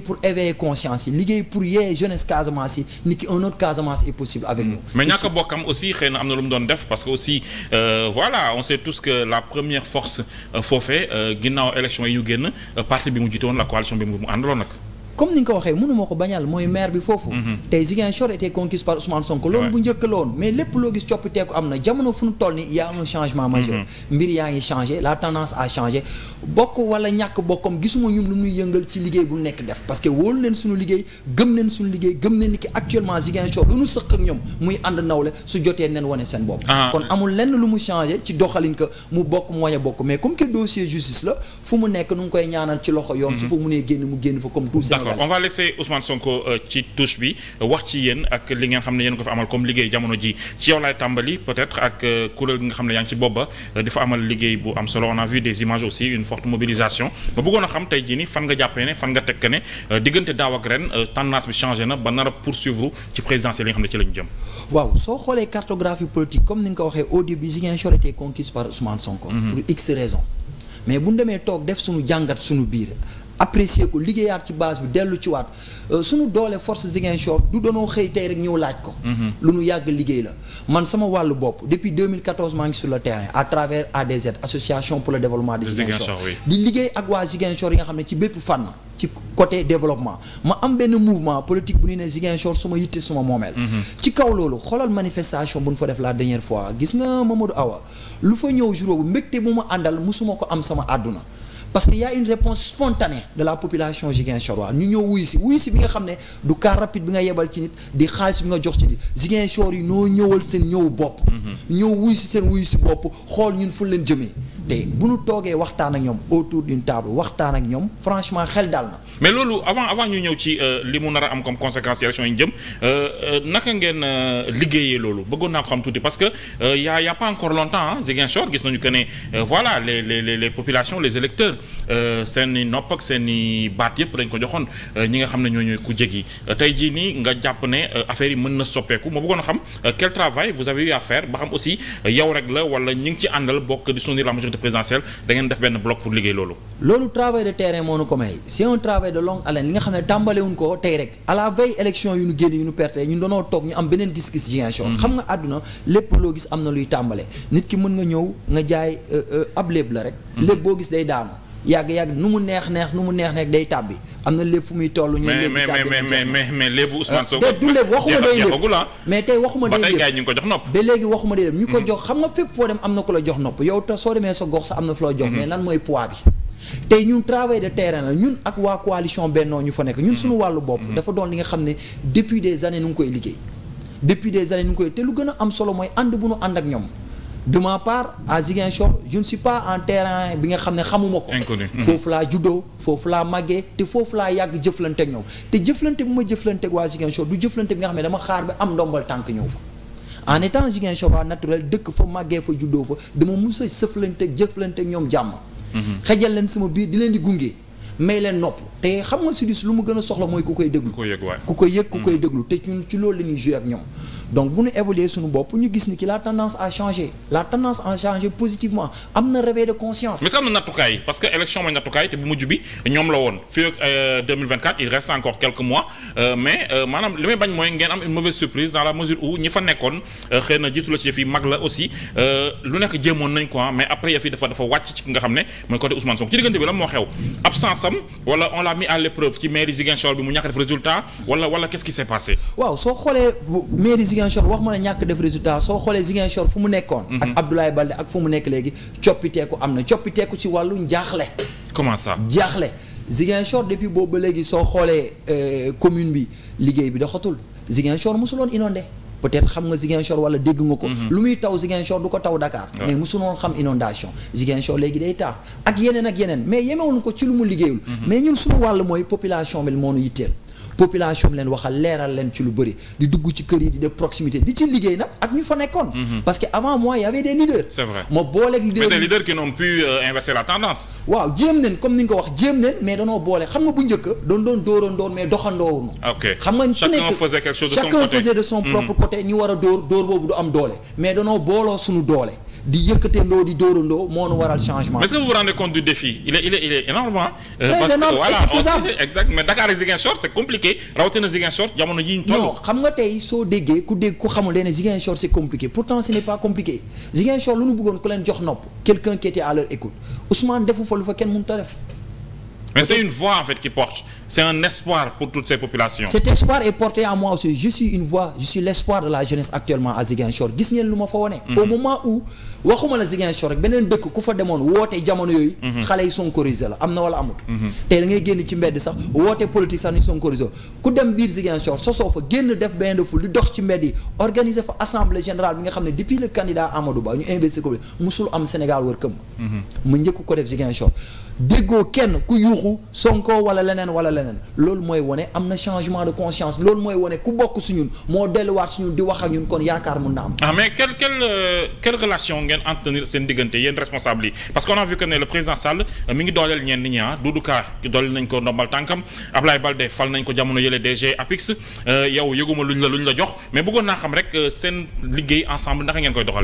pour éveiller conscience yi liggéey pour yee jeunesse Casamance yi ni ki un autre Casamance est possible avec mm. nous. mais ñàkk a aussi xëy na am na lu mu doon def parce que aussi euh, voilà on sait tous que la première force euh, foofee euh, ginnaaw élection yi ñu génn euh, parti bi mu jiite woon la coalition bi mu àndaloon nag. comme ni nga ko waxee mënu ma ko bañal mooy mm-hmm. maire bi foofu mm-hmm. tey Ziguinchor était conquise par Ousmane Sonko loolu bu njëkk la woon mais lépp loo gis coppiteeku am na jamono fu nu toll ni y a un changement majeur mm-hmm. mbir yaa ngi changé la tendance a changé bokk wala ñàkk bokkam gisuma ñun lu ñuy yëngal ci liggéey bu nekk def parce que wóolu leen suñu liggéey gëm leen suñu liggéey gëm leen ni ki actuellement Ziguinchor lu ñu sëq ak ñoom muy ànd nawle su jotee neen wane seen bopp ah. kon amul lenn lu mu changé ci doxalin que mu bokk mu wañ bokk mais comme que dossier justice la fu mu nekk nu ngi koy ñaanal ci loxo yoon su fa mu nee génn mu génn fa comme tout d'accord on va laisser Ousmane Sonko euh, ci touche bi wax ci yéen ak li ngeen xam ne yéen ko fi amal comme liggéey jamono ji ci yow laay tàmbali peut-être ak euh, kuréel gi nga xam ne yaa ngi ci booba euh, dafa amal liggéey bu am solo on a vu des images aussi une forte mobilisation ba bëggoon a xam tey jii ni fan nga jàppee ne fan nga tekk ne diggante daaw ak ren tendance bi changé na ba nar poursuivre ci présidentielle yi nga xam ne ci la jëm. waaw soo xoolee cartographie apprécier ko liggéeyaat ci base bi dellu ci waat euh, suñu doolee force Ziguinchor du doonoo xëy tey rek ñëw laaj ko. Mhm. lu nu yàgg liggéey la man sama wàllu bopp depuis 2014 maa ngi sur le terrain à travers ADZ association pour le développement de Ziguinchor di liggéey ak waa Ziguinchor yi nga xam ne ci bépp fànn ci côté développement ma am benn mouvement politique bu ñu ne Ziguinchor suma yitte suma moomeel. Mhm. ci kaw loolu xoolal manifestation bu ñu fa def la dernière fois gis nga Mamadou Awa lu fa ñëw juróom bu mbégte bu ma àndal musuma ko am sama àdduna. parce que ya a une réponse spontanée de la population Ziguinchoroise ñu ñëw wuyu si wuyu si bi nga xam ne du car rapide bi nga yebal ci nit di xaalis bi nga jox ci nit Ziguinchor yi noo ñëwal seen ñëw bopp mhm. ñëw wuyu si seen wuyu si bopp xool ñun fu leen jëmee te bu ñu toogee waxtaan ak ñoom autour d'une table waxtaan ak ñoom franchement xel daal na mais loolu avant avant ñu ñëw ci euh, li mu nar am comme conséquenciation élection yi ñu jëm euh, euh, naka ngeen liggéeyee loolu bëggoon naa ko xam tuuti parce que y a y a pas encore longtemps Ziguinchor gis nañu que ne les les les populations les Euh, seen i nopp seen i baat yëpp dañ ko joxoon euh, ñi nga xam ne ñooñu ku jég yi tey jii nii nga jàpp ne euh, affaire yi mën na soppeeku ma bëggoon a xam quel travail vous avez eu à ba xam aussi yow rek la wala ñi ngi ci àndal bokk di soutenir la majorité présidentielle da ngeen def benn bloc pour liggéey loolu. loolu travail de terrain moo nu ko may c'est un travail de longue haleine li nga xam ne tàmbalewuñ ko tey rek à la veille élection yu ñu génn yu ñu perte ñun dañoo toog ñu am beneen gis-gis hmm. lépp loo gis am na luy tàmbale nit ki mën nga ñëw nga jaay ab léeb la rek hmm. lépp boo gis day daanu yàgg yàgg nu mu neex neex nu mu neex neex day tàbbi am na lépp fu muy toll. ñu léegi tàbbi mais mais mais mais euh, du léeb waxuma day léeb ah. mais tey waxuma day léeb ñu ko jox nopp. ba léegi waxuma day léeb ñu ko hmm. jox xam nga fépp foo dem am na ko la jox nopp yow te soo demee sa gox sa am na fu la jox. Hmm. mais lan mooy poids bi. tey ñun travail de terrain la ñun ak waa coalition bennoo ñu fa nekk ñun hmm. suñu wàllu bopp. dafa doon li nga xam ne depuis des années nu ngi koy liggéey depuis des années nu ngi koy te gën am solo mooy ànd bu nu ànd de ma part à Ziguinchor je suis pas en terrain bi nga xam ne xamuma ko. Mhm. foofu laa juddoo foofu laa màggee te foofu laa yàgg jëflante ak ñoom te jëflante bi ma jëflante ak waa Ziguinchor du jëflante bi nga xam ne dama xaar ba am ndombal tànk ñëw fa. en étant Ziguinchor waa naturel dëkk fa màggee fa juddoo fa dama mus a sëflante jëflante ak ñoom jàmm. Mhm. xajal leen sama biir di leen di gungee may leen nopp te xam nga Sidious lu mu gën a soxla mooy ku koy déglu ku koy yëg ku mm. koy déglu te ci loolu la ñuy joué ak ñoom donc bu ñu évoluer suñu bopp ñu gis ni ki la tendance à changer la tendance à changer positivement am na réveil de conscience mais am na nattukaay parce que élection mooy nattukaay te bu mujj bi ñoom la woon fii ak 2024 euh, il reste encore quelques nga xam ne mooy côté Ousmane Sonko ci diggante bi la moo xew am wala on l'a mis à l'épreuve ci mairie Ziguinchor bi mu ñàkk def résultat wala wala qu'est-ce qui s'est passé. waaw soo xoolee mairie Ziguinchor wax ma ne ñàkk def résultat soo xoolee Ziguinchor fu mu nekkoon. Mhm. ak Abdoulaye Balde ak fu mu nekk léegi coppiteeku am na coppiteeku ci wàllu njaaxle. comment ça jaaxle Ziguinchor depuis boobu ba léegi soo xoolee euh, commune bi liggéey bi doxatul Ziguinchor mosuloon inondé. peut-être xam nga Ziguinchor wala dégg nga ko. Mhm. lu muy taw Ziguinchor du ko taw Dakar. mais mosuloon xam inondation Ziguinchor léegi day taa ak yeneen ak yeneen mais yemewuñu ko ci lu mu liggéeyul. Mhm. mais ñun suñu wàll mooy population bi moo nu yitteel. population bi leen waxal leeral leen ci lu bëri di dugg ci kër yi di def proximité di ci liggéey nag ak ñu fa nekkoon. Mhm. parce que avant moi y avait des leaders. c'est vrai ma booleeg leaders mais des leaders qui n'ont euh, mais danoo boole mais doxandoowuñu. ok xam nga ku mhm. a dóor dóor boobu du am doole mais danoo booloo suñu doole. di yëkkatendoo di dóorandoo moo nu waral changement. mais est-ce exact mais Dakar et Ziguinchor c'est compliqué. compliqué rawatina Ziguinchor jamono yi ñu toll. xam nga tey soo déggee ku dégg ku xamul leen Ziguinchor c'est compliqué pourtant ce n'est pas compliqué Ziguinchor lu nu bëggoon ku leen jox nopp quelqu'un qui à leur écoute Ousmane defu fa lu fa kenn mënut def. mais c'est une voix en fait qui porte c'est un espoir pour toutes ces populations. cet espoir est porté en moi aussi je suis une voix je suis l'espoir de la jeunesse actuellement à Ziguinchor waxuma la Ziguinchor rek beneen dëkk ku fa demoon woote jamono yooyu mhm. xale yi sonkorisé la am na wala amut mhm. tey da génn ci mbedd sax woote politique sax ni sonkorisé ku dem biir Ziguinchor sosoo fa génn def benn ful di dox ci mbedd yi organiser fa assemblée générale bi nga xam ne depuis le candidat Amadou Ba ñu investir ko bi musul am Sénégal wër këmm mhm. mu njëkk ko def Ziguinchor déggoo kenn ku yuuxu Sonko wala leneen wala leneen loolu mooy wane de conscience loolu mooy wane ku bokk su ngeen entretenir seen diggante yéen responsable yi a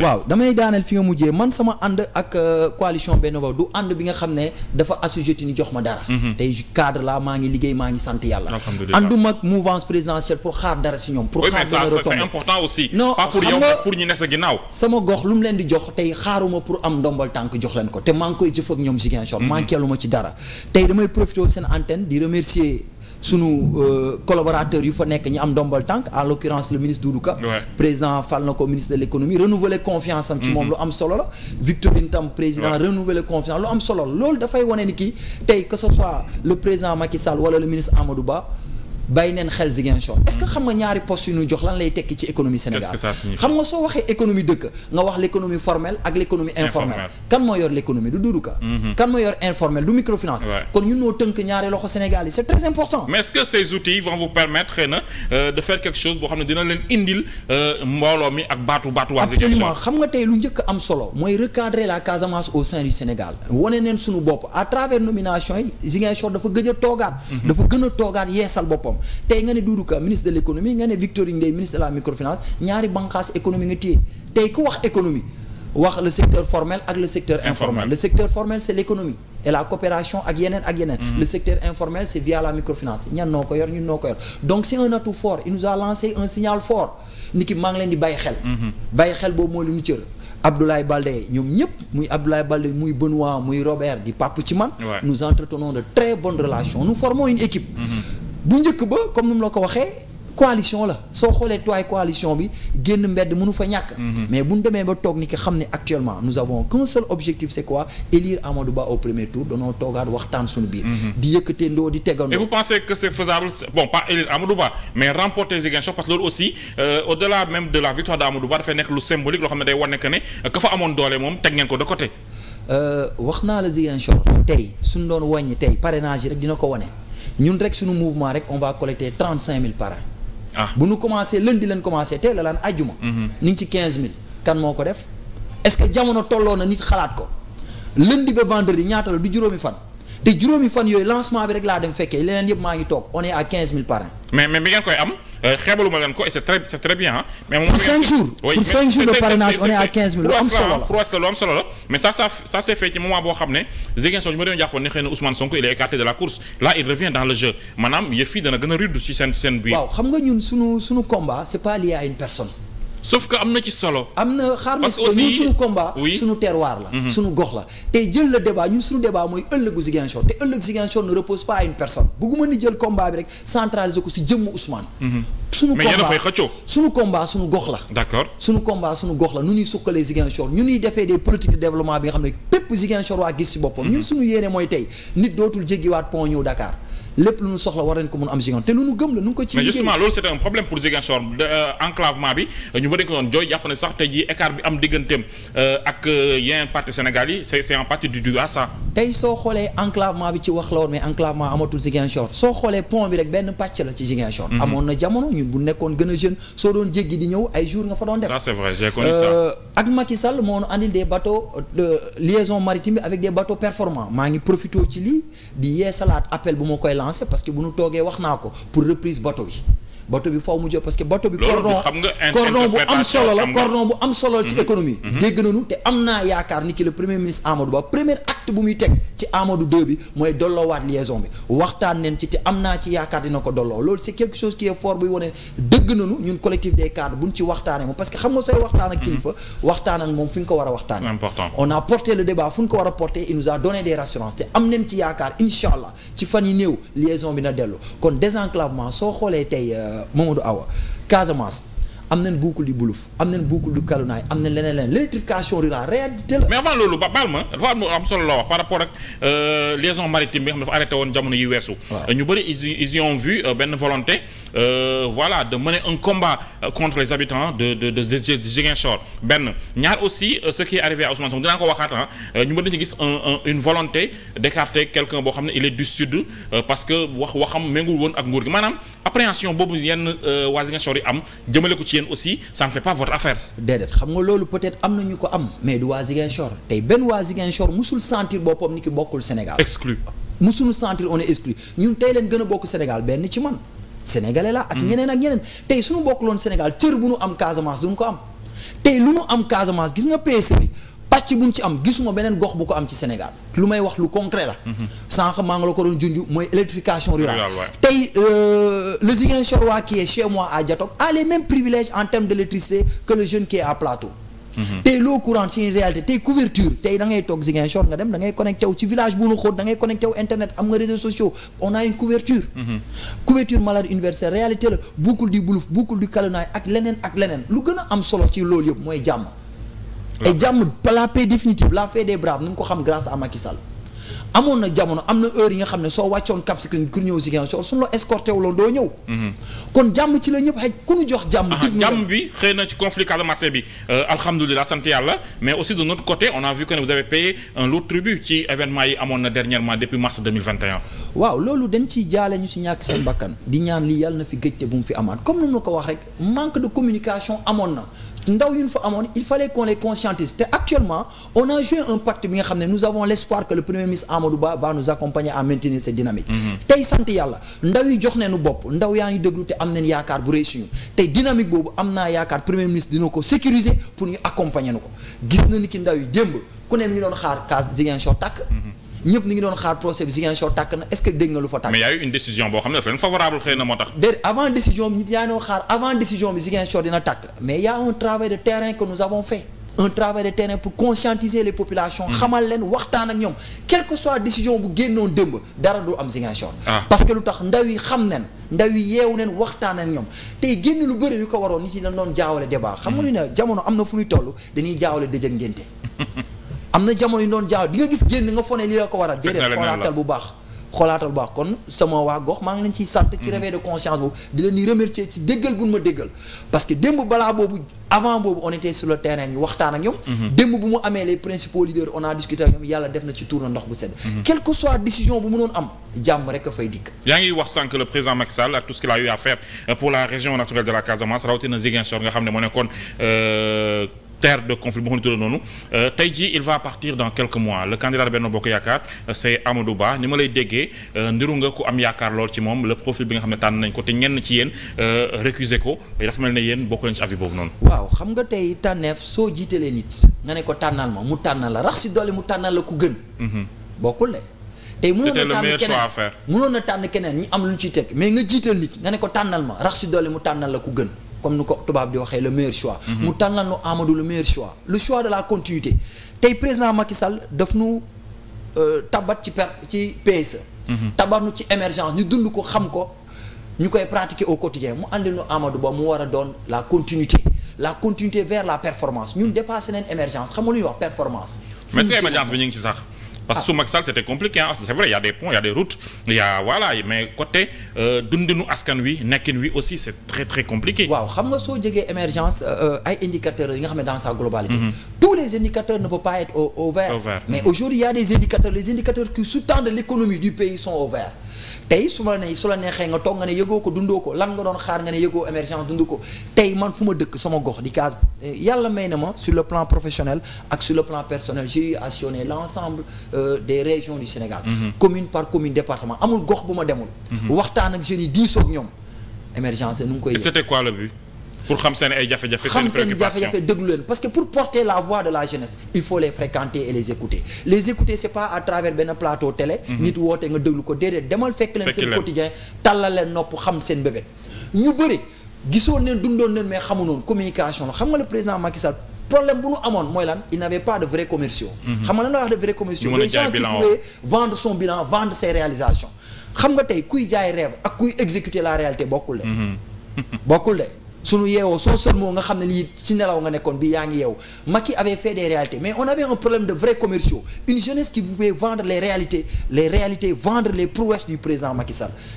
waaw damay daaneel fi nga mujjee man sama ànd ak euh, coalition Benno Bokk du ànd bi nga xam ne dafa assujetti ni jox ma dara. Mhm. tey cadre la maa ngi liggéey maa ngi sant yàlla. ànduma mouvance présidentielle pour xaar dara si ñoom. pour xaar dara retombé important aussi. non pas pour yow pour ñi ne sa ginnaaw. sama gox lu mu leen di jox tey xaaruma pour am ndombal tànk jox leen ko te maa ngi koy jëf ak ñoom Ziguinchor. Mhm. manquélu ma ci dara tey damay profité seen antenne di remercier. sunu euh, collaborateurs yu fa nekk ñi am ndombal tànk en l'occurrence le ministre Doudou Ka président fal na ko ministre de l'économie renouveler confiance am ci moom mhm. lu am solo la Victorine tam président renouveler confiance lu am solo la loolu dafay wane ni kii tey que ce soit le président Macky Sall wala le ministre Amadou Ba bàyyi neen xel Ziguinchor est-ce que xam nga ñaari postes yu ñu jox lan lay tekki ci économie Sénégal xam nga soo waxee économie dëkk nga wax l'économie formelle ak l'économie informelle kan moo l'économie du Doudou mhm. kan moo informel du microfinance kon ñun noo tënk ñaari loxo Sénégal c'est très important mais est-ce que ces outils vont vous permettre na euh, de faire quelque chose boo xam ne dina leen indil euh, mbooloo mi ak baatu baatu waa Ziguinchor absolument xam nga tey lu njëkk solo mooy recadrer la Casamance au sein du Sénégal wane neen suñu bopp à travers nomination yi a toogaat mhm. dafa gën a toogaat yeesal boppam boppam tey nga ne Doudou ministre de la microfinance ñaari banqaas économie nga téye tey ku wax économie wax le secteur formel ak le secteur informel le secteur formel c' est la coopération ak yeneen ak yeneen mm-hmm. le secteur informel c' via la microfinance ñan noo ko yor ñun noo ko yor donc c' un atout fort il nous a lancé un signal fort ni ki leen di bàyyi xel mm-hmm. bàyyi xel boobu mooy lu cër Abdoulaye Baldé ñoom ñëpp muy Abdoulaye Baldé bu njëkk ba comme nu mu la ko waxee coalition la soo xoolee tuwaay coalition bi génn mbedd mënu fa ñàkk. Mhm. mais bu ñu demee ba toog ni ki xam ne actuellement nous avons qu'un seul objectif c'est quoi élire Amadou Ba au premier tour danoo toogaat waxtaan suñu biir. Mhm. di yëkkatee ndoo di tegandoo. et vous pensez que c'est faisable bon pas élire Amadou mais remporter Ziguinchor parce que loolu aussi euh, au-delà même de la victoire d'Amadou Ba dafay nekk lu symbolique loo xam ne day wane que ne ka fa amoon doole moom euh, wax naa la Ziguinchor tey suñu doon wàññi tey parrainage rek dina ko wane. ñun rek suñu mouvement rek on va collecter trente cinq mille par an. ah bu ñu commencé lundi leen commencé teel a laan àjjuma. ñu mhm. ngi ci quinze mille. kan moo ko def est-ce que jamono tolloo na nit xalaat ko lundi ba vendredi ñaata la du juróomi fan. te juróomi fan yooyu lancement bi rek laa dem fekkee leneen yëpp maa ngi toog on est à mais mais bi ngeen koy am euh, xeebaluma leen ko et c'est très bien pour cinq jours pour cinq jours la prouesse la lu ne il est de la course là il revient dans le jeu maanaam yëf dana gën a rudd ci seen seen biir. waaw xam nga ñun sunu sunu combat c'est pas lié à une personne. sauf que am na ci solo. am na xaar parce que ñun suñu combat. suñu terroir la. Mhm. suñu gox la tey jël le débat ñun suñu débat mooy ëllëgu Ziguinchor te ëllëg Ziguinchor ne repose pas à une personne bëgguma ni jël combat bi rek centraliser ko si jëmmu Ousmane. Mhm. suñu combat suñu gox la. d'accord suñu combat suñu gox la nu ñuy sukkalee Ziguinchor ñu ñuy defee des politiques de développement bi nga xam ne bépp Ziguinchor waa gis si boppam. Mhm. ñun suñu yéene mooy tey nit dootul jéggiwaat pont ñëw Dakar. lépp lu ñu soxla war nañ ko mën am Ziguinchor te lu ñu gëm la nu ngi ko ci mais justement loolu c'était un problème pour Ziguinchor euh, enclavement bi ñu bëri ko doon jooy jàpp ne sax tey euh, euh, en partie dû bi ci wax la woon mais enclavement amatul soo xoolee pont bi rek benn pàcc la mhm. a jeune soo doon jéggi di ñëw ay jours nga fa doon def ça c'est vrai j'ai connu ça ak Macky Sall moo nu andil des bateaux liaison maritime bi avec des bateaux performants maa ngi profité ci lii di yeesalaat appel bu ma koy lancé parce que bu ñu toogee wax naa ko pour reprise bateau bi bateau bi faw mu jóg parce que bateau bi cordon cordon bu am solo la cordon bu am solo la ci mhm. économie mhm. dégg nañu te am naa yaakaar ni ki le premier ministre Amadou Ba premier acte bu muy teg ci Amadou 2 bi mooy dolloowaat liaison bi waxtaan neen ci te am naa ci yaakaar dina ko dolloo loolu c'est quelque chose qui est fort buy wane dëgg nañu ñun collectif des cadres buñ ci waxtaanee moom parce que xam nga sooy waxtaan ak mhm. kilifa waxtaan ak moom a waxtaanee on a porté le débat fu ñu ko war a porté il a donné des rassurances na dellu kon désenclavement soo xoolee tey euh, Mamadou Awa Casamance am na boucle du Boulouf am nañ boucle du leneen leneen l'électrification rurale réalité la. mais avant loolu ba baal ma dafa am solo loo wax par rapport ak euh, liaison maritime bi nga xam dafa arrêté woon jamono yi weesu. ñu bëri ils y ont vu euh, benn volonté euh, voilà de mener un combat contre les habitants de de de Ziguinchor benn ñaar aussi ce qui est arrivé à Ousmane Sonko dinaa ko waxaat ñu mën nañu gis une volonté d'écarter quelqu'un boo xam ne il est du sud parce que wax waxam méngul woon ak nguur gi maanaam appréhension boobu yenn waa Ziguinchor yi am ci yéen aussi ça ne fait pas votre affaire. déedéet xam nga loolu peut-être am na ñu ko am mais du waa Ziguinchor tey benn waa Ziguinchor sul sentir boppam ni ki bokkul Sénégal. exclu musul sentir on est exclu ñun tey leen gën a bokk Sénégal benn ci man sénégalais la. ak hmm. ñeneen ak ñeneen tey suñu bokkuloon Sénégal cër bu nu am Casamance duñ ko am tey lu nu am Casamance gis nga PSE bi. pàcc buñ ci am gisuma beneen gox bu ko am ci Sénégal lu may wax lu concret la. Mhm. sànq maa ngi la ko doon junj mooy électrification rurale. tey euh, le Ziguinchor waa qui chez moi à Diatok a les mêmes privilèges en termes d' que le jeune qui est Plateau. Mhm. tey l'eau courante c'est une réalité tey couverture tey da ngay toog Ziguinchor nga dem da ngay connecté wu ci village bu nu xóot da ngay internet am nga réseaux sociaux on couverture. Mhm. couverture ci loolu yëpp mooy ay jàmm la paix définitive la paix des braves nu ngi ko xam grâce à Macky Sall amoon na jamono am na heure yi nga xam ne soo wàccoon Cap Skirring pour ñëw Ziguinchor suñu la escorté wuloon mhm. kon jàmm ci la ñëpp xëy ku ñu jox jàmm. Ah, jàmm bi xëy na ci conflit Casamance bi euh, alhamdulilah sant yàlla mais aussi de notre côté on a yi amoon na dernièrement depuis mars 2021. waaw loolu dañ ciy jaale ñu si ñàkk seen bakkan. di ñaan lii yàlla na fi gëj te bu mu fi amaan comme ni ma ko wax rek manque de communication amoon na ndaw yu ñu fa amoon il fallait qu'on les conscientise te actuellement on a joué un pacte bi nga xam ne nous avons l'espoir que le premier ministre Amadou Ba va nous accompagner à maintenir cette dynamique mm-hmm. tey sant yàlla ndaw yi jox nañu bopp ndaw yaa ngi déglu te am nañ yaakaar bu réy suñu tey dynamique boobu am naa yaakaar premier ministre dina ko sécurisé pour ñu accompagner nu ko gis na ni ki ndaw yi démb ku ne ñu doon xaar cas Ziguinchor tàkk mm-hmm. ñëpp ñu ngi doon xaar procès bi Ziguinchor tàkk na est-ce que dégg nga lu fa tàkk. mais y a eu une décision boo xam ne dafa leen na moo tax. déedéet a un travail de terrain que nous avons fait. un travail de hmm. leen waxtaan ak ñoom quelle que soit décision bu génnoon dëmb dara du am Ziguinchor. Ah. parce que lu tax ndaw yi xam nañ ndaw yi yeewu nañ waxtaan ak ñoom tey génn lu ko waroon nit yi dañ doon jaawale débat. xam nga lu am na fu muy toll dañuy jaawale dëj ak ngénte am na jamono yu doon jaaw di gis génn nga fone lii la ko war a déedéet xoolaatal bu baax xoolaatal bu baax kon sama waa maa ngi leen ciy sant ci mhm. réveil de conscience boobu di leen remercier ci déggal gun ma déggal parce que démb balaa boobu avant boobu on était sur terrain ñu waxtaan ak ñoom mhm. démb bu mu amee les principaux leaders on a discuté ñoom yàlla def na ci tour ndox bu sedd mhm. quelle que soit décision bu mënoon am jàmm rek a fay dikk yaa ngi wax sànq le président a eu à faire pour la région naturelle de la Casamance rawatina Ziguinchor nga xam terre de conflit bu ma ko tuddee noonu euh, tey jii il euh, ni euh, nga ku am yaakaar lool ci moom le profil bi nga xam ne tànn nañ ko te ñenn ci yéen récuser ko dafa mel ne yéen bokk nañ ci avis boobu noonu. waaw xam nga tey tànneef soo jiitelee nit nga ne ko tànnal ma mu tànnal la rax si doole mu tànnal la ku gën. Mhm. bokkul de. tey mënoon na tànn keneen mënoon na tànn keneen ñu am lu ñu ciy teg mais nga jiital nit nga ne ko tànnal ma rax si doole mu tànnal la ku gën. comme nu ko tubaab di waxee le meilleur choix. mu tànnal nu Amadou le meilleur choix. le choix de la continuité tey président Macky Sall daf nu euh, tabat ci per ci PSE. Mhm. tabat ci émergence ñu dund ko xam ko ñu koy pratiquer au quotidien mu àndi nu Amadou Ba mu war a doon la continuité la continuité vers la performance ñun dépassé nañ émergence xam nga wax performance. mais est émergence bi ñu ngi ci sax. parce que su Macky Sall c'était compliqué c'est vrai il y a des ponts il y a des routes il y a voilà mais côté euh, dundinu askan wi nekkin wi aussi c'est très très compliqué. waaw xam nga soo jegee émergence euh, euh, ay indicateurs yi nga xam ne dans sa globalité. Mhm. tous les indicateurs ne peuvent pas être au mais mhm. aujourd'hui il y a des indicateurs les indicateurs qui sous-tendent l'économie du pays sont au tey su ma ne su la neexee nga toog nga ne yëgoo ko dundoo ko lan nga doon xaar nga ne yëgoo émergence dund ko tey man fu ma dëkk sama gox di kaas eh, yàlla may na ma sur le plan professionnel ak sur le plan personnel j'ai eu à sillonner l'ensemble euh, des régions du Sénégal mm-hmm. commune par commune département amul gox bu ma demul mm-hmm. waxtaan ak jeunes yi diisoo ak ñoom émergence nu ngi koy c'était quoi le but pour xam seen ay jafe-jafe xam seen jafe-jafe leen parce que pour porter la voix de la jeunesse il faut les fréquenter et les écouter les écouter c'est pas à travers benn plateau télé mhm. nit woote nga déglu ko déedéet demal fekk leen seen quotidien tàllal leen nopp xam seen bébét ñu bëri gisoon neen dundoon neen mais xamunoon communication la xam nga le président Macky Sall problème bu nu amoon mooy lan il n'avait pas de vrais commerciaux mhm. xam nga lan la wax de vrais commerciaux les gens qui xam nga tey kuy jaay rêve ak kuy exécuter la réalité bokkul de mhm. bokkul de suñu yeewoo soo seulement nga xam ne lii ci nelaw nga nekkoon bi yaa ngi yeewu Macky avait fait des réalités mais on avait un problème de vrais commerciaux une jeunesse qui pouvait vendre les réalités les réalités vendre les prouesses du président Macky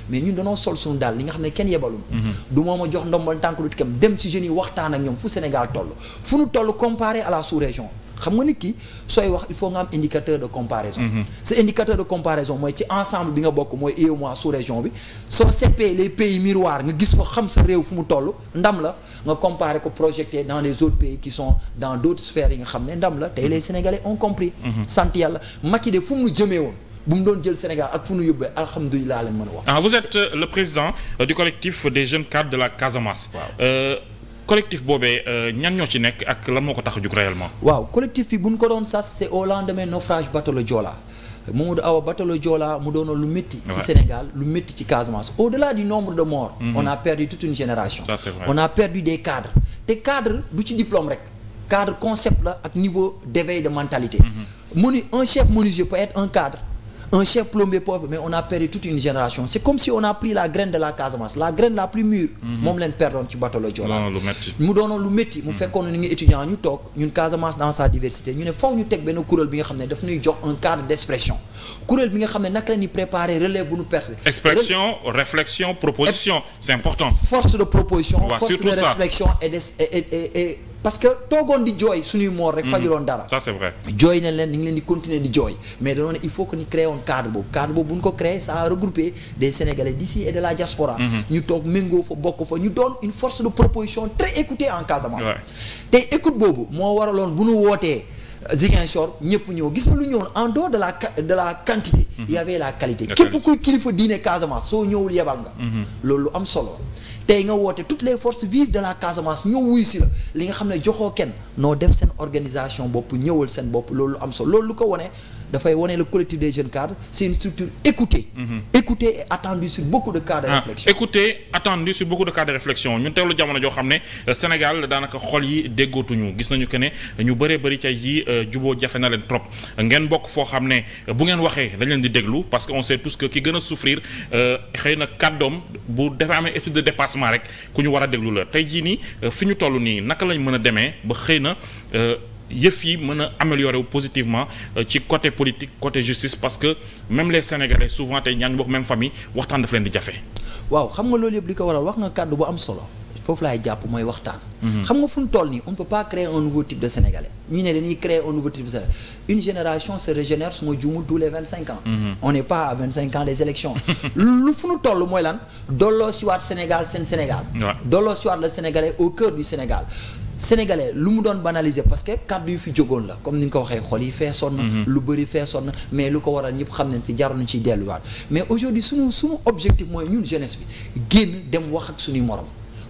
mais ñun danoo sol suñu daal li nga xam ne kenn yebalum mm-hmm. du moom a jox ndombal tànk lu kam dem ci jeunes yi waxtaan ak ñoom fu Sénégal toll fu nu toll comparé à la sous-région xam nga nit ki sooy wax il faut nga am indicateur de comparaison. Mm-hmm. sa indicateur de comparaison mooy ci ensemble bi nga bokk mooy UEMOA sous région bi soo seppee les pays miroirs nga gis ko xam sa réew fu mu toll ndam la nga comparer ko projeté dans les autres pays qui sont dans d'autres sphères yi nga xam ne ndam la tey les mm-hmm. Sénégalais ont compris. Mm-hmm. sant yàlla Macky de fu mu jëmee woon. bu mu doon jël Sénégal ak fu nu yóbbee alhamdulilah lañ wax. ah vous êtes euh, le président euh, du collectif des collectif boobee euh, ñan ñoo ci nekk ak la moo ko tax a jug réellement. waaw collectif bi bu ñu ko doon sas c'est au lendemain naufrage bateau le Joola Mamadou Awa bateau le Joola mu doonoon lu metti ci Sénégal lu métti ci Casamance au-delà du nombre de morts. Mm -hmm. on a perdu toute une génération. Ça, on a perdu des cadres te cadre du ci diplôme rek cadre concept la ak niveau d'éveil de mentalité. Mm -hmm. menu un chef menuisier peut être un cadre. un chef plombier pauvre mais on a perdu toute une génération c'est comme si on a pris la graine de la Casamance la graine la plus mûre mhm. moom leen perdoon ci batalo Joola mu doonoon lu métti mu mhm. fekkoon ni ngi étudiant ñu toog ñun Casamance dans sa diversité ñu ne faw ñu teg benn kuréel bi nga xam ne daf ñuy jox un cadre d'expression kuréel bi nga xam ne naka la ñuy préparer relève bu ñu perte expression réflexion proposition c'est important parce que toogoon di jooy suñuy moor rek mm-hmm. fajuloon dara ça c'est vrai jooy na leen ni ngi leen di continuer di jooy mais dañoo ne il faut que ñu créé woon cadre boobu cadre boobu bu ñu ko créé ça a regroupé des sénégalais d'ici et de la diaspora mm-hmm. ñu toog méngoo fa bokk fa ñu doon une force de proposition très écoutée en Casamance te écoute boobu moo waraloon bu nu wootee euh, Ziguinchor ñëpp ñëw gis nga lu ñëwoon en dehors de la de la quantité mm-hmm. il y la qualité képp kuy kilifa diine Casamance soo ñëwul yebal nga lu am solo tey nga woote toutes les forces vives de la Casamance ñoo wuy si la li nga xam ne joxoo kenn noo def seen organisation bopp ñëwal seen bopp loolu am solo loolu lu ko wone dafay wane le collectif des jeunes cadres c' est une structure écoutée. Mhm. écoutée et attendue sur beaucoup de cas de ah, réflexion. écoutée attendue sur beaucoup de cas de réflexion ñun teewlu jamono joo xam ne euh, Sénégal daanaka xol yi déggotuñu gis nañu que ne ñu bëree bari ca yi juboo jafe na leen trop ngeen bokk foo xam ne bu ngeen waxee dañ leen di déglu parce que on sait tous que ki gën a souffrir euh, xëy na kàddoom bu defee amee étude de dépassement rek ku ñu war a déglu la tey jii nii euh, fi ñu toll nii naka lañ mën a demee ba xëy na. yëf yi mën a améliorer wu positivement euh, ci côté politique côté justice parce que même les sénégalais souvent tey ñaañu bokk même famille waxtaan daf leen di jafe. waaw xam nga loolu yëpp li ko waral wax nga kàddu bu am solo. foofu laay jàpp mooy waxtaan. Mhm. xam nga fu ñu toll nii on ne peut pas créer un nouveau type de sénégalais. ñu ne dañuy créer un nouveau type de une génération se régénère su ma juumul tous les vingt cinq ans. Mhm. on n'est pas à vingt cinq ans toll mooy lan dolloo siwaat Sénégal seen Sénégal. waaw dolloo siwaat le sénégalais au cœur sénégalais lu mu doon banaliser parce que kàddu yu fi jógoon la comme ni nga ko waxee xol yi feesoon na mhm. lu bari feesoon na mais lu ko waral ñëpp xam nañ fi jaruñu ciy delluwaat mais aujourd'hui suñu suñu objectif mooy ñun jeunesse bi génn dem wax ak suñuy moroom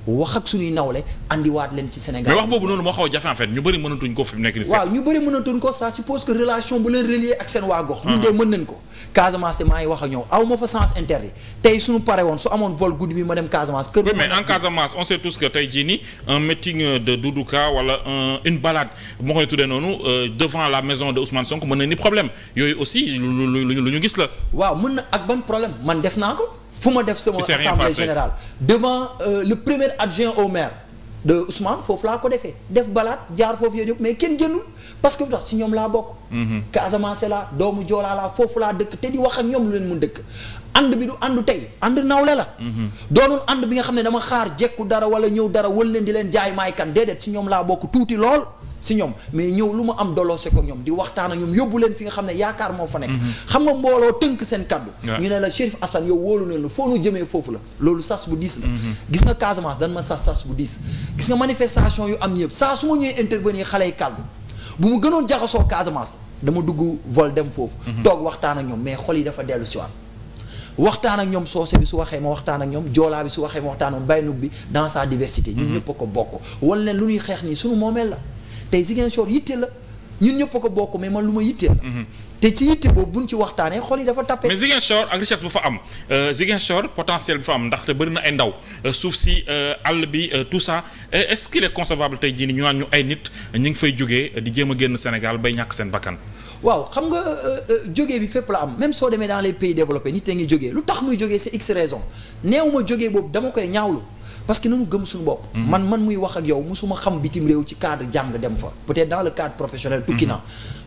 wax ak suñuy nawle andiwaat leen ci Sénégal. mais wax boobu noonu moo xaw a jafe en fait ñu bëri mënatuñ ko fi mu nekk nii. waaw ñu bëri mënatuñ ko ça suppose que relation bu leen relier ak seen waa gox. ñun de ah. mën nañ ko. Casamance maa ngi wax ak ñoom aw ma fa sens interdit tey suñu pare su amoon vol guddi bi ma dem Casamance. kër mais en Casamance on sait tous que tey jii nii un meeting de Doudou Ka wala un une balade moo koy tuddee noonu euh, devant la maison de Ousmane Sonko mën na ni problème lu ñu gis la. waaw mën na ak ban problème man def naa ko fu ma def sama assemblée générale devant euh, le premier adjoint au maire de Ousmane foofu laa ko defee def balaat jaar foofu yooyu yëpp mais kenn génnul parce que tax si ñoom laa bokk mhm. Casamance la doomu Joola la foofu laa dëkk te di wax ak ñoom lu leen mun dëkk ànd bi du àndu tey ànd nawle la mhm. doonul ànd bi nga xam ne dama xaar jekku dara wala ñëw dara wal leen di leen jaay maay kan déedéet si ñoom laa bokk tuuti lool si ñoom mais ñëw lu ma am doloose ko ñoom di waxtaan ak ñoom yóbbu leen fi nga xam ne yaakaar moo fa nekk mm-hmm. xam nga mbooloo tënk seen kaddu ñu ne la Chérif Assane yow wóolu ne la foofu la loolu sas bu diis la mm-hmm. gis nga Casamance dan ma sas sas bu diis gis nga manifestation yu am yëpp saa su ma ñëwee intervenir xale yi kalbu bu gënoon jaxasoo Casamance dama dugg vol dem foofu mm-hmm. toog waxtaan ak ñoom mais xol yi dafa dellu siwaat waxtaan ak ñoom soose bi su waxee ma waxtaan ak ñoom joolaa bi su waxee waxtaan ak baynub bi dans sa diversité ñun ñëpp ko bokk wan leen lu ñuy xeex nii suñu moomeel la tey Ziguinchor yitte la ñun ñëpp ko bokk mais man lu ma yitteel la. Mhm. te ci yitte boobu bu ñu ci waxtaanee xol yi dafa tapé. mais Ziguinchor ak richesse bu fa am euh, Ziguinchor potentiel bu fa am ndaxte bëri na ay ndaw euh, suuf si euh, àll bi tout ça est-ce qu'il est tey jii ni ñu naan ñu ay nit ñu ngi fay jógee di jéem a génn Sénégal bay ñàkk seen bakkan. waaw xam nga jógee bi fépp la am même soo demee dans les pays développés nit a ngi jógee lu tax muy jógee c'est x raison néew ma jógee boobu dama koy ñaawlu. parce que nañu gëm suñu bopp. Mhm. man man muy wax ak yow musuma xam bitim réew ci cadre jàng dem fa. peut-être dans le cadre professionnel. tukki mhm. na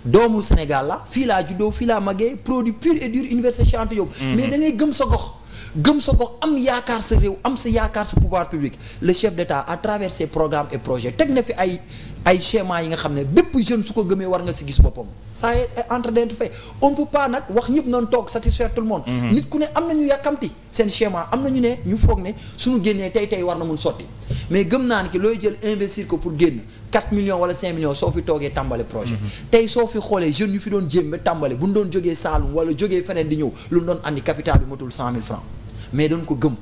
doomu Sénégal la fii laa juddoo fii laa magee produit pur et dur université Cheikh Anta Diop. Mhm. mais da ngay gëm sa gox. gëm sa gox am yaakaar sa réew am sa yaakaar sa pouvoir public le chef d'État à travers ses programmes et projets teg na fi ay. ay schéma yi nga xam ne bépp jeune su ko gëmee war nga si gis boppam ça est entre dent fait on peut pas nag wax ñëpp noonu toog satisfaire tout le monde mhm. nit ku ne am nañu yàkkamti seen schéma am nañu ne ñu foog ne su suñu génnee tey tey war na mun sotti mais gëm naa ne ki looy jël investir ko pour génn 4 millions wala 5 millions soo fi toogee tàmbale projet mhm. tey soo fi xoolee jeunes yu fi doon jéem ba tàmbale bu ñu doon jógee Saalum wala jógee feneen di ñëw lu ñu doon andi capital bi matul 100 000 mais dañ ko gëm.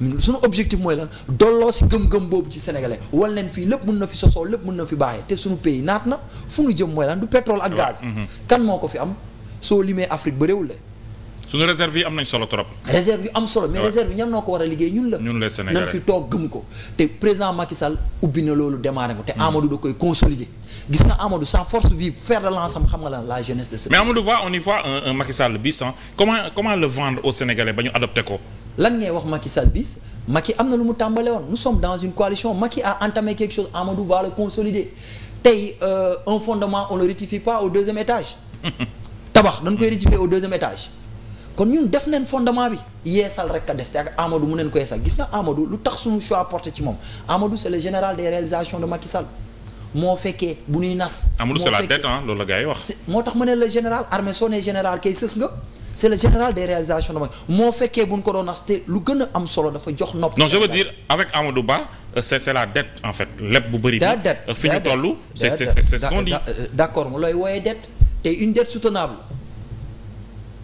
Mhm. suñu objectif mooy lan dolloo si gëm-gëm boobu ci sénégalais wal leen fii lépp mën na fi sosoo lépp mun na fi baaxee te suñu pays naat na fu ñu jëm mooy lan du pétrole ak gaz. Mhm. kan moo ko fi am soo limee Afrique ba réewule. suñu réserve yi am nañ solo trop. réserve yu am solo mais réserve yi ñan noo ko war a liggéey ñun la. ñun les sénégalais nan fi toog gëm ko te président Macky ubbi na loolu démarré ko te mhm. Amadou da koy consolider. sa force vive faire de l'ensemble xam nga la la jeunesse on y ba ñu adopté ko. lan ngay wax Macky Sall bis Macky am na lu mu tàmbale woon nous sommes dans une coalition Macky a entamé quelque chose Amadou va le consolider tey euh, fondement on le rectifie pas au deuxième étage tabax dañ koy rectifier au deuxième étage kon ñun def neen fondement bi yeesal rek a des te ak Amadou mu neen ko yeesal gis na Amadou lu tax suñu choix porté ci moom Amadou c'est le général des réalisations de Macky Sall moo fekkee bu ñuy nas. moo fekkee Amadou c'est la dette moo tax mu ne le général armée soo général kay sës nga. c'est le général des réalisations de moo fekkee bu ñu ko doon nas te lu gën a am solo dafa jox nopp. no je veux dire avec Amadou Ba euh, c'est c'est la dette en fait lépp bu bëri. daa dette fi ñu toll c'est c'est c'est ce qu'on dit. d'accord mu looy wooyee dette te une dette soutenable.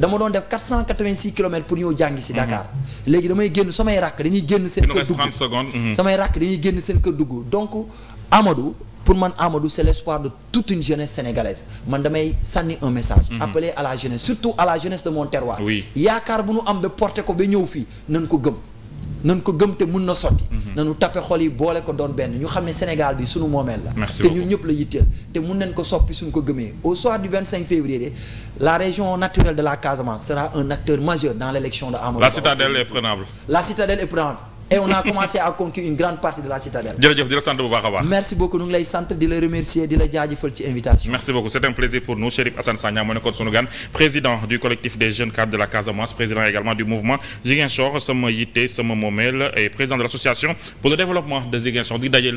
dama doon def 486 kilomètres pour ñëw jàngi si Dakar léegi damay génn samay rakk dañuy génn seen kër dugg mhm. samay rakk dañuy génn seen kër dugg donc Amadou pour man Amadou c'est l'espoir de tout une jeunesse sénégalaise man damay sànni un message mm -hmm. appelé à la jeunesse surtout à la jeunesse de mon yaakaar bu nu am ba porté ko ba ñëw fii nañ ko gëm nañ ko gëm te mun na sotti. Mhm. nañu tappe xol yi boole ko doon benn ñu xam ne Sénégal bi sunu moomeel la. te ñun ñëpp la yitteel te mun nañ ko soppi suñ ko gëmee au soir du 25 février la région naturel de la Casamance sera un acteur majeur dans l' élection de Amadou la citadelle est la citadelle est et on a commencé à conquérir une grande partie de la citadelle. jërëjëf di la sant bu baax a baax. merci beaucoup ñu lay sant di remercier di la jaajëfal ci invitation. merci beaucoup c'est un plaisir pour nous Chérif Assane Sagna moo nekkoon sunu président du collectif des jeunes cadres de la Casamance président également du mouvement Ziguinchor sama yitte sama moomeel et président de l'association pour le développement de Ziguinchor di daje